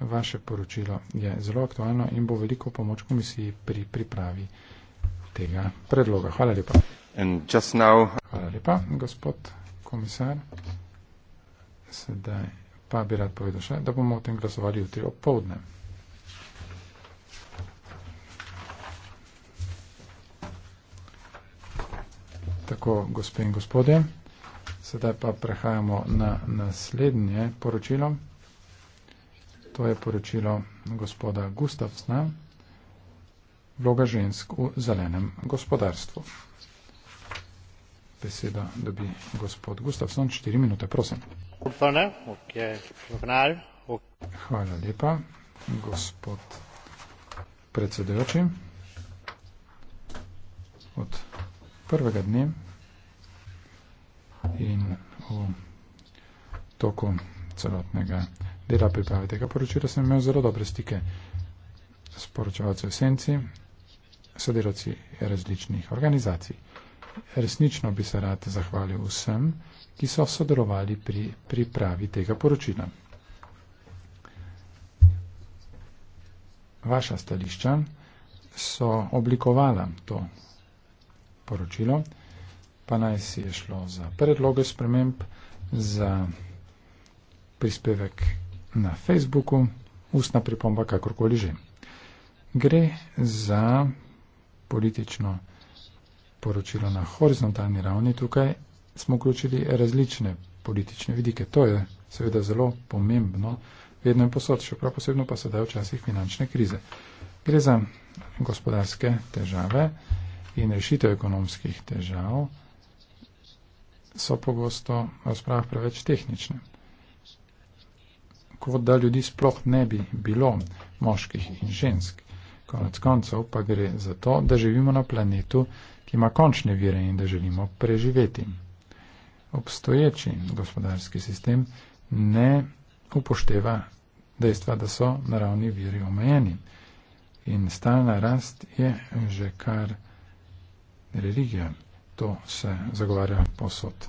vaše poročilo je zelo aktualno in bo veliko pomoč komisiji pri pripravi tega predloga. Hvala lepa. Now... Hvala lepa, gospod komisar. Sedaj pa bi rad povedal še, da bomo o tem glasovali jutri ob povdne. Tako, gospe in gospodje, sedaj pa prehajamo na naslednje poročilo. To je poročilo gospoda Gustavsna, vloga žensk v zelenem gospodarstvu. Beseda dobi gospod Gustavson, 4 minute, prosim. Hvala lepa, gospod predsedujoči. Od prvega dne in v toku celotnega dela priprave tega poročila, sem imel zelo dobre stike s poročevalci v senci, sodelavci različnih organizacij. Resnično bi se rad zahvalil vsem, ki so sodelovali pri pripravi tega poročila. Vaša stališča so oblikovala to poročilo, pa naj si je šlo za predloge sprememb, za prispevek na Facebooku, ustna pripomba, kakorkoli že. Gre za politično poročilo na horizontalni ravni. Tukaj smo vključili različne politične vidike. To je seveda zelo pomembno, vedno in posod, še prav posebno pa sedaj včasih finančne krize. Gre za gospodarske težave in rešitev ekonomskih težav so pogosto v razpravah preveč tehnične kot da ljudi sploh ne bi bilo, moških in žensk. Konec koncev pa gre za to, da živimo na planetu, ki ima končne vire in da želimo preživeti. Obstoječi gospodarski sistem ne upošteva dejstva, da so naravni viri omejeni. In stalna rast je že kar religija. To se zagovarja posod.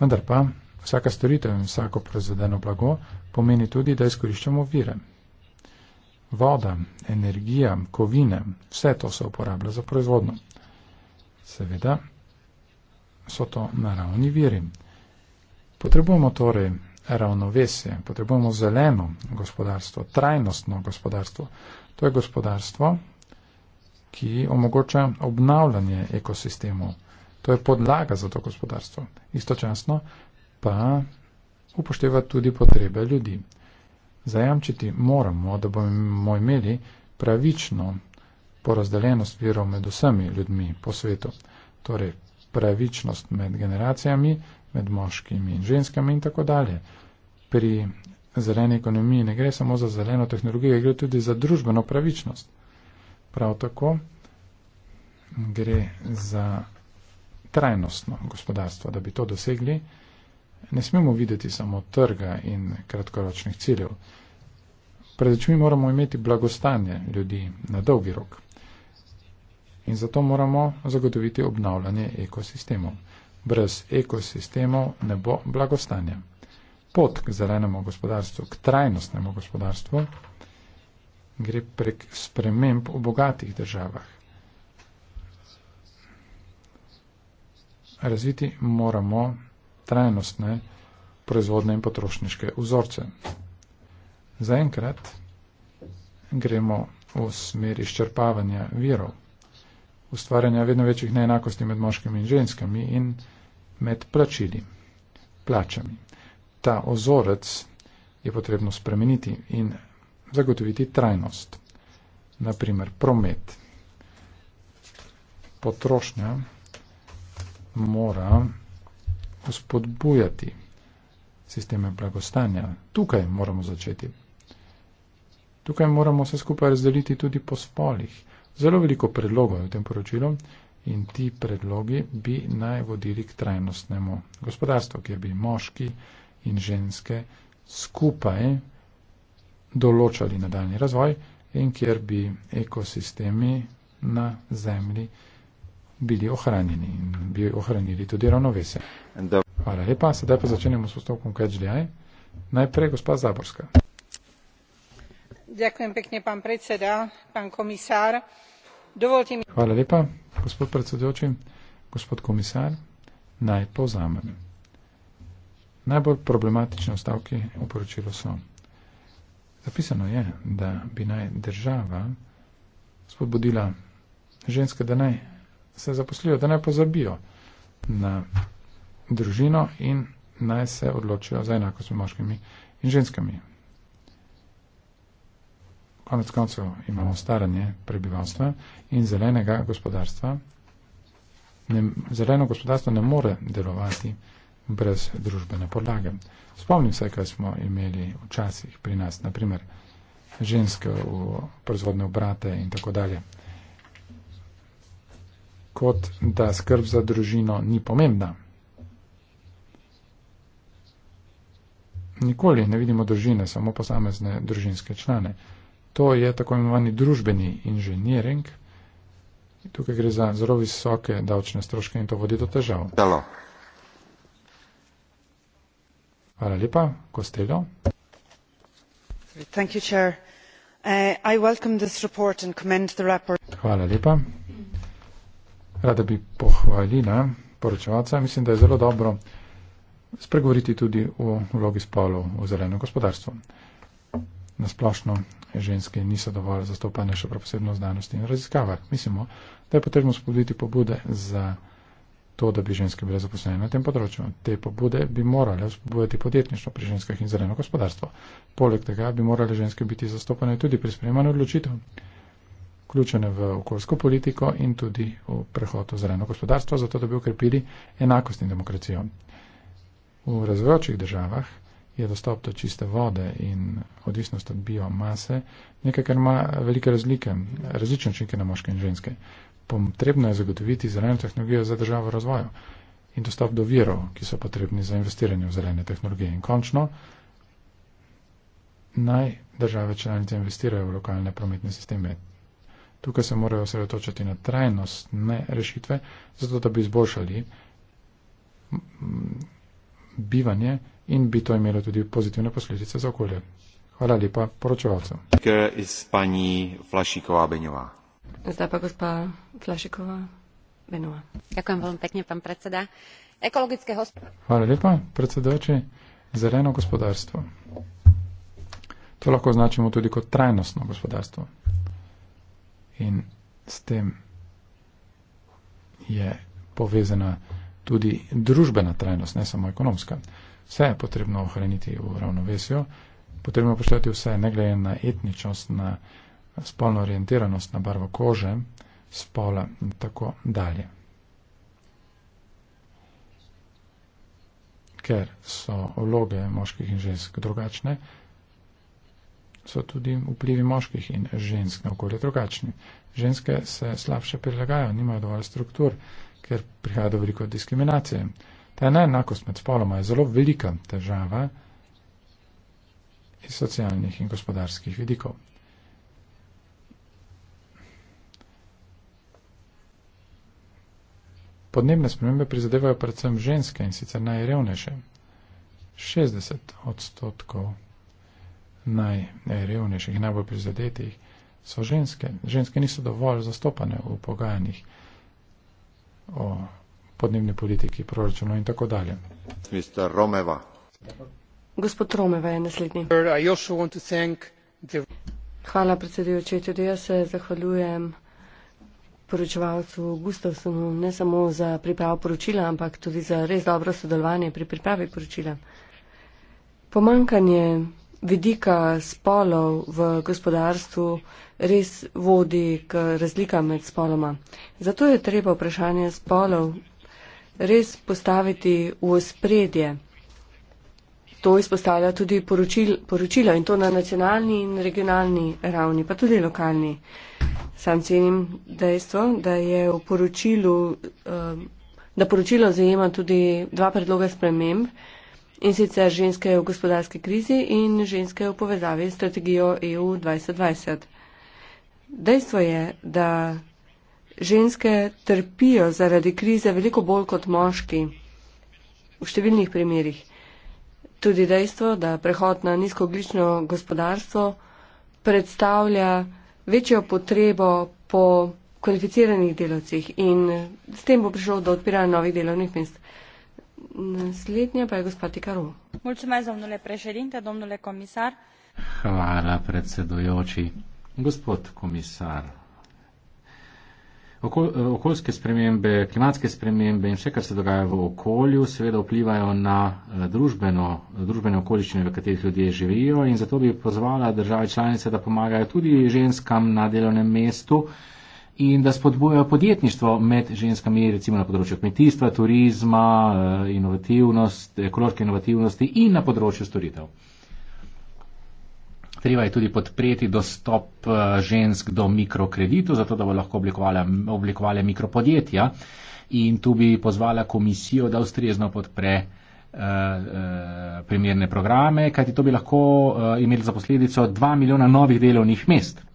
Vendar pa Vsaka storitev in vsako proizvedeno blago pomeni tudi, da izkoriščamo vire. Voda, energija, kovine, vse to se uporablja za proizvodno. Seveda so to naravni viri. Potrebujemo torej ravnovesje, potrebujemo zeleno gospodarstvo, trajnostno gospodarstvo. To je gospodarstvo, ki omogoča obnavljanje ekosistemov. To je podlaga za to gospodarstvo. Istočasno pa upoštevati tudi potrebe ljudi. Zajamčiti moramo, da bomo imeli pravično porazdeljenost virov med vsemi ljudmi po svetu. Torej, pravičnost med generacijami, med moškimi in ženskami in tako dalje. Pri zeleni ekonomiji ne gre samo za zeleno tehnologijo, gre tudi za družbeno pravičnost. Prav tako gre za trajnostno gospodarstvo, da bi to dosegli. Ne smemo videti samo trga in kratkoročnih ciljev. Pred očmi moramo imeti blagostanje ljudi na dolgi rok. In zato moramo zagotoviti obnavljanje ekosistemov. Brez ekosistemov ne bo blagostanja. Pot k zelenemu gospodarstvu, k trajnostnemu gospodarstvu, gre prek sprememb v bogatih državah. Razviti moramo trajnostne proizvodne in potrošniške vzorce. Zaenkrat gremo v smeri izčrpavanja virov, ustvarjanja vedno večjih neenakosti med moškimi in ženskami in med plačili, plačami. Ta ozorec je potrebno spremeniti in zagotoviti trajnost, naprimer promet. Potrošnja mora vzpodbujati sisteme blagostanja. Tukaj moramo začeti. Tukaj moramo vse skupaj razdeliti tudi po spolih. Zelo veliko predlogov je v tem poročilu in ti predlogi bi naj vodili k trajnostnemu gospodarstvu, kjer bi moški in ženske skupaj določali nadaljni razvoj in kjer bi ekosistemi na zemlji bili ohranjeni in bi ohranili tudi ravnovesje. Hvala lepa, sedaj pa začenjamo s postopkom KGDI. Najprej gospa Zaborska. Ďakujem pekne, pán predseda, pán komisár. Dovolte mi... Hvala lepa, gospod predsedujoči, gospod komisár. Naj povzamem. Najbolj problematične stavke v poročilu so. Zapisano je, da bi naj država spodbudila ženske, da naj se zaposlijo, da ne pozabijo na družino in naj se odločijo za enakost med moškimi in ženskami. Konec koncev imamo staranje prebivalstva in zelenega gospodarstva. Ne, zeleno gospodarstvo ne more delovati brez družbene podlage. Spomnim se, kaj smo imeli včasih pri nas, naprimer ženske v proizvodne obrate in tako dalje kot da skrb za družino ni pomembna. Nikoli ne vidimo družine, samo posamezne družinske člane. To je tako imenovani družbeni inženiring. Tukaj gre za zelo visoke davčne stroške in to vodi do težav. Hello. Hvala lepa, Kostelo. Uh, Hvala lepa rada bi pohvalila poročevalca. Mislim, da je zelo dobro spregovoriti tudi o vlogi spolov v zeleno gospodarstvo. Nasplošno ženske niso dovolj zastopane še prav posebno v znanosti in raziskavah. Mislimo, da je potrebno spodbuditi pobude za to, da bi ženske bile zaposlene na tem področju. Te pobude bi morale spodbujati podjetništvo pri ženskah in zeleno gospodarstvo. Poleg tega bi morale ženske biti zastopane tudi pri sprejemanju odločitev vključene v okoljsko politiko in tudi v prehod v zeleno gospodarstvo, zato da bi ukrepili enakost in demokracijo. V razvojočih državah je dostop do čiste vode in odvisnost od biomase nekaj, kar ima velike razlike, različne učinke na moške in ženske. Potrebno je zagotoviti zeleno tehnologijo za državo v razvoju in dostop do virov, ki so potrebni za investiranje v zelene tehnologije. In končno, naj države članice investirajo v lokalne prometne sisteme. Tukaj se morajo osredotočiti na trajnostne rešitve, zato da bi izboljšali bivanje in bi to imelo tudi pozitivne posledice za okolje. Hvala lepa poročevalcu. Zdaj pa gospa Flašikova Benova. Jako vam veliko pekne, pan predseda. Ekologické hosp... Hvala lepa, predsedujoči. Zeleno gospodarstvo. To lahko označimo tudi kot trajnostno gospodarstvo in s tem je povezana tudi družbena trajnost, ne samo ekonomska. Vse je potrebno ohraniti v ravnovesju, potrebno poštevati vse, ne glede na etničnost, na spolno orientiranost, na barvo kože, spola in tako dalje. Ker so vloge moških in žensk drugačne, so tudi vplivi moških in žensk na okolje drugačni. Ženske se slabše prilagajajo, nimajo dovolj struktur, ker prihaja do veliko diskriminacije. Ta neenakost med spoloma je zelo velika težava iz socialnih in gospodarskih vidikov. Podnebne spremembe prizadevajo predvsem ženske in sicer najrevnejše. 60 odstotkov najrevnejših, najbolj prizadetih, so ženske. Ženske niso dovolj zastopane v pogajanjih o podnebni politiki, proračunu in tako dalje. Mr. Romeva. Gospod Romeva je naslednji. Hvala, predsedujoči. Tudi jaz se zahvaljujem poročevalcu Gustavsonu ne samo za pripravo poročila, ampak tudi za res dobro sodelovanje pri pripravi poročila. Pomankanje vidika spolov v gospodarstvu res vodi k razlikam med spoloma. Zato je treba vprašanje spolov res postaviti v spredje. To izpostavlja tudi poročil, poročilo in to na nacionalni in regionalni ravni, pa tudi lokalni. Sam cenim dejstvo, da je v poročilu, eh, da poročilo zajema tudi dva predloga sprememb, In sicer ženske v gospodarski krizi in ženske v povezavi s strategijo EU 2020. Dejstvo je, da ženske trpijo zaradi krize veliko bolj kot moški v številnih primerjih. Tudi dejstvo, da prehod na nizkooglično gospodarstvo predstavlja večjo potrebo po kvalificiranih delovcih in s tem bo prišlo do odpiranja novih delovnih mest. Naslednja pa je gospod Tikaru. Mulțumesc, domnule președinte, domnule comisar. Hvala, predsedujoči. Gospod komisar, okoljske spremembe, klimatske spremembe in vse, kar se dogaja v okolju, seveda vplivajo na eh, družbeno, družbene okoliščine, v katerih ljudje živijo in zato bi pozvala države članice, da pomagajo tudi ženskam na delovnem mestu, in da spodbujajo podjetništvo med ženskami, recimo na področju kmetijstva, turizma, eh, inovativnost, ekološke inovativnosti in na področju storitev. Treba je tudi podpreti dostop eh, žensk do mikrokreditu, zato da bo lahko oblikovala, oblikovala mikropodjetja in tu bi pozvala komisijo, da ustrezno podpre eh, primerne programe, kajti to bi lahko imeli za posledico 2 milijona novih delovnih mest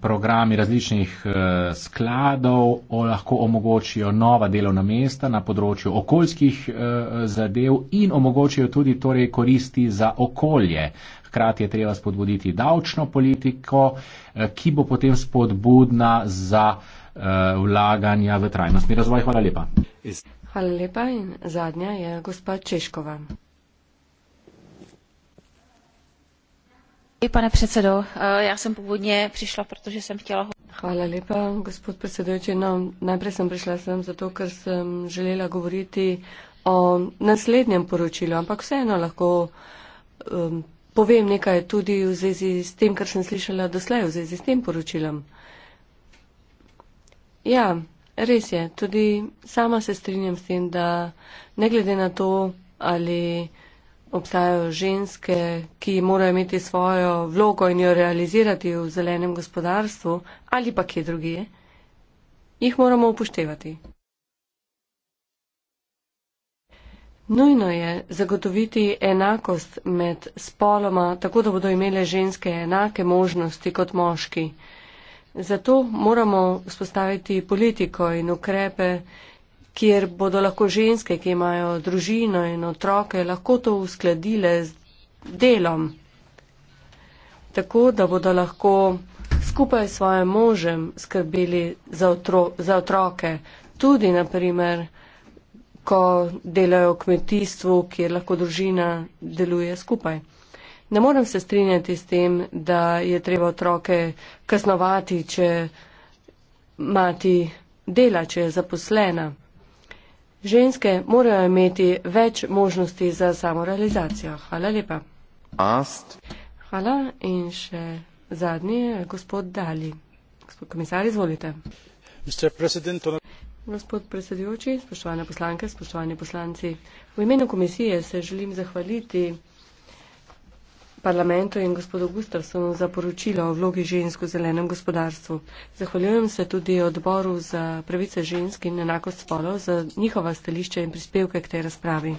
programi različnih eh, skladov lahko omogočijo nova delovna mesta na področju okoljskih eh, zadev in omogočijo tudi torej koristi za okolje. Hkrati je treba spodbuditi davčno politiko, eh, ki bo potem spodbudna za vlaganja v trajnostni razvoj. Hvala lepa. Hvala lepa in zadnja je gospa Češkova. Pane predsedo, eh, ja sem povodne prišla, pretože sem chtela... Hvala lepa, gospod predsedujoči. No, najprej sem prišla sem zato, ker sem želela govoriti o naslednjem poročilu, ampak vseeno lahko um, povem nekaj tudi v zvezi s tem, kar sem slišala doslej v zvezi s tem poročilom. Ja, res je, tudi sama se strinjam s tem, da ne glede na to, ali obstajajo ženske, ki morajo imeti svojo vlogo in jo realizirati v zelenem gospodarstvu ali pa kje drugje, jih moramo upoštevati. Nujno je zagotoviti enakost med spoloma, tako da bodo imele ženske enake možnosti kot moški. Zato moramo vzpostaviti politiko in ukrepe, kjer bodo lahko ženske, ki imajo družino in otroke, lahko to uskladile z delom, tako da bodo lahko skupaj s svojim možem skrbeli za, otro, za otroke, tudi naprimer, ko delajo v kmetijstvu, kjer lahko družina deluje skupaj. Ne morem se strinjati s tem, da je treba otroke kasnovati, če mati dela, če je zaposlena. Ženske morajo imeti več možnosti za samorealizacijo. Hvala lepa. Ast. Hvala in še zadnji, gospod Dali. Gospod komisar, izvolite. Gospod predsedujoči, spoštovane poslanke, spoštovani poslanci, v imenu komisije se želim zahvaliti parlamentu in gospodu Gustavsonu za poročilo o vlogi žensk v zelenem gospodarstvu. Zahvaljujem se tudi odboru za pravice žensk in enako spolo za njihova stališča in prispevke k tej razpravi.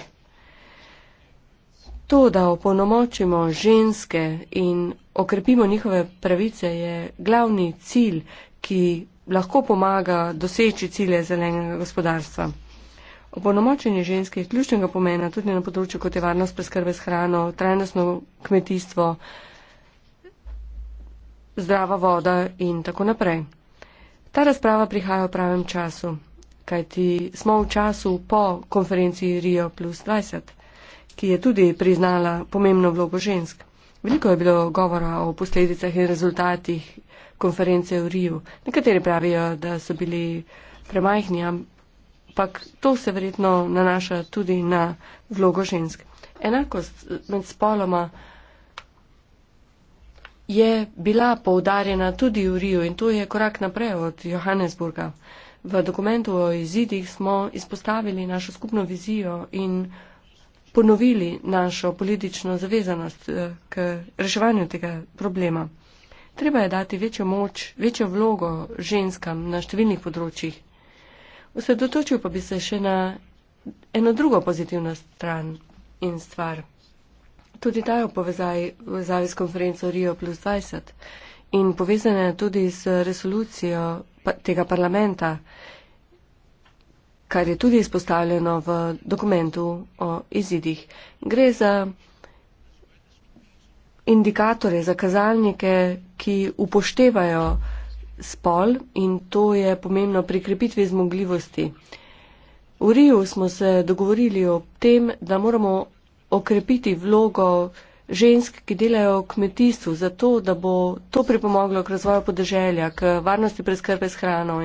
To, da opolnomočimo ženske in okrepimo njihove pravice, je glavni cilj, ki lahko pomaga doseči cilje zelenega gospodarstva. Oponomočenje ženske je ključnega pomena tudi na področju, kot je varnost preskrbe s hrano, trajnostno kmetijstvo, zdrava voda in tako naprej. Ta razprava prihaja v pravem času, kajti smo v času po konferenci Rio plus 20, ki je tudi priznala pomembno vlogo žensk. Veliko je bilo govora o posledicah in rezultatih konference v Riju. Nekateri pravijo, da so bili premajhni, ampak to se verjetno nanaša tudi na vlogo žensk. Enakost med spoloma je bila poudarjena tudi v Riju in to je korak naprej od Johannesburga. V dokumentu o izidih smo izpostavili našo skupno vizijo in ponovili našo politično zavezanost eh, k reševanju tega problema. Treba je dati večjo moč, večjo vlogo ženskam na številnih področjih Osredotočil pa bi se še na eno drugo pozitivno stran in stvar. Tudi ta je v povezavi z konferenco Rio plus 20 in povezana je tudi z resolucijo tega parlamenta, kar je tudi izpostavljeno v dokumentu o izidih. Gre za indikatore, za kazalnike, ki upoštevajo spol in to je pomembno pri krepitvi zmogljivosti. V Riju smo se dogovorili o tem, da moramo okrepiti vlogo žensk, ki delajo v kmetijstvu, zato da bo to pripomoglo k razvoju podeželja, k varnosti preskrbe s hrano.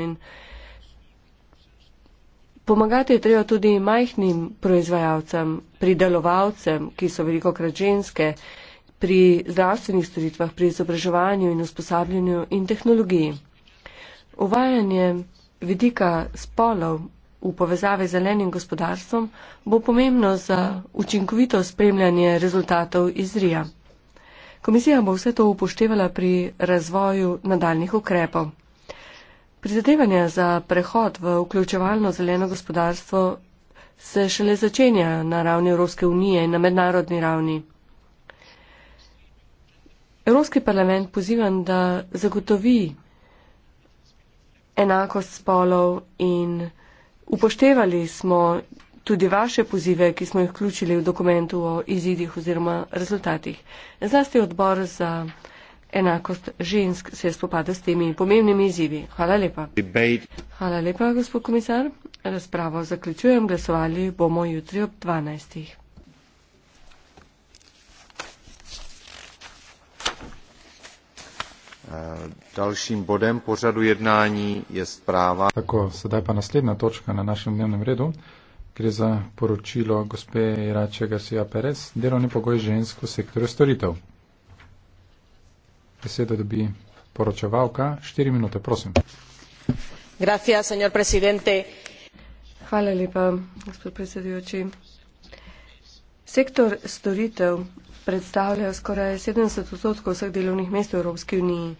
Pomagati je treba tudi majhnim proizvajalcem, pridelovalcem, ki so veliko krat ženske pri zdravstvenih storitvah, pri izobraževanju in usposabljanju in tehnologiji. Uvajanje vidika spolov v povezave z zelenim gospodarstvom bo pomembno za učinkovito spremljanje rezultatov iz RIA. Komisija bo vse to upoštevala pri razvoju nadaljnih ukrepov. Prizadevanja za prehod v vključevalno zeleno gospodarstvo se šele začenja na ravni Evropske unije in na mednarodni ravni. Evropski parlament pozivam, da zagotovi enakost spolov in upoštevali smo tudi vaše pozive, ki smo jih vključili v dokumentu o izidih oziroma rezultatih. Zlasti odbor za enakost žensk se je spopadal s temi pomembnimi izidi. Hvala lepa. Debate. Hvala lepa, gospod komisar. Razpravo zaključujem. Glasovali bomo jutri ob 12. Dalším bodem pořadu jednání je zpráva. Tako, sedaj pa naslednja točka na našem dnevnem redu. Gre za poročilo gospe Irače Garcia Perez, delovni pogoj žensko sektorja storitev. Besedo dobi poročevalka, štiri minute, prosim. Gracias, señor presidente. Hvala lepa, gospod predsedujoči. Sektor storitev predstavljajo skoraj 70 odstotkov vseh delovnih mest v Evropski uniji.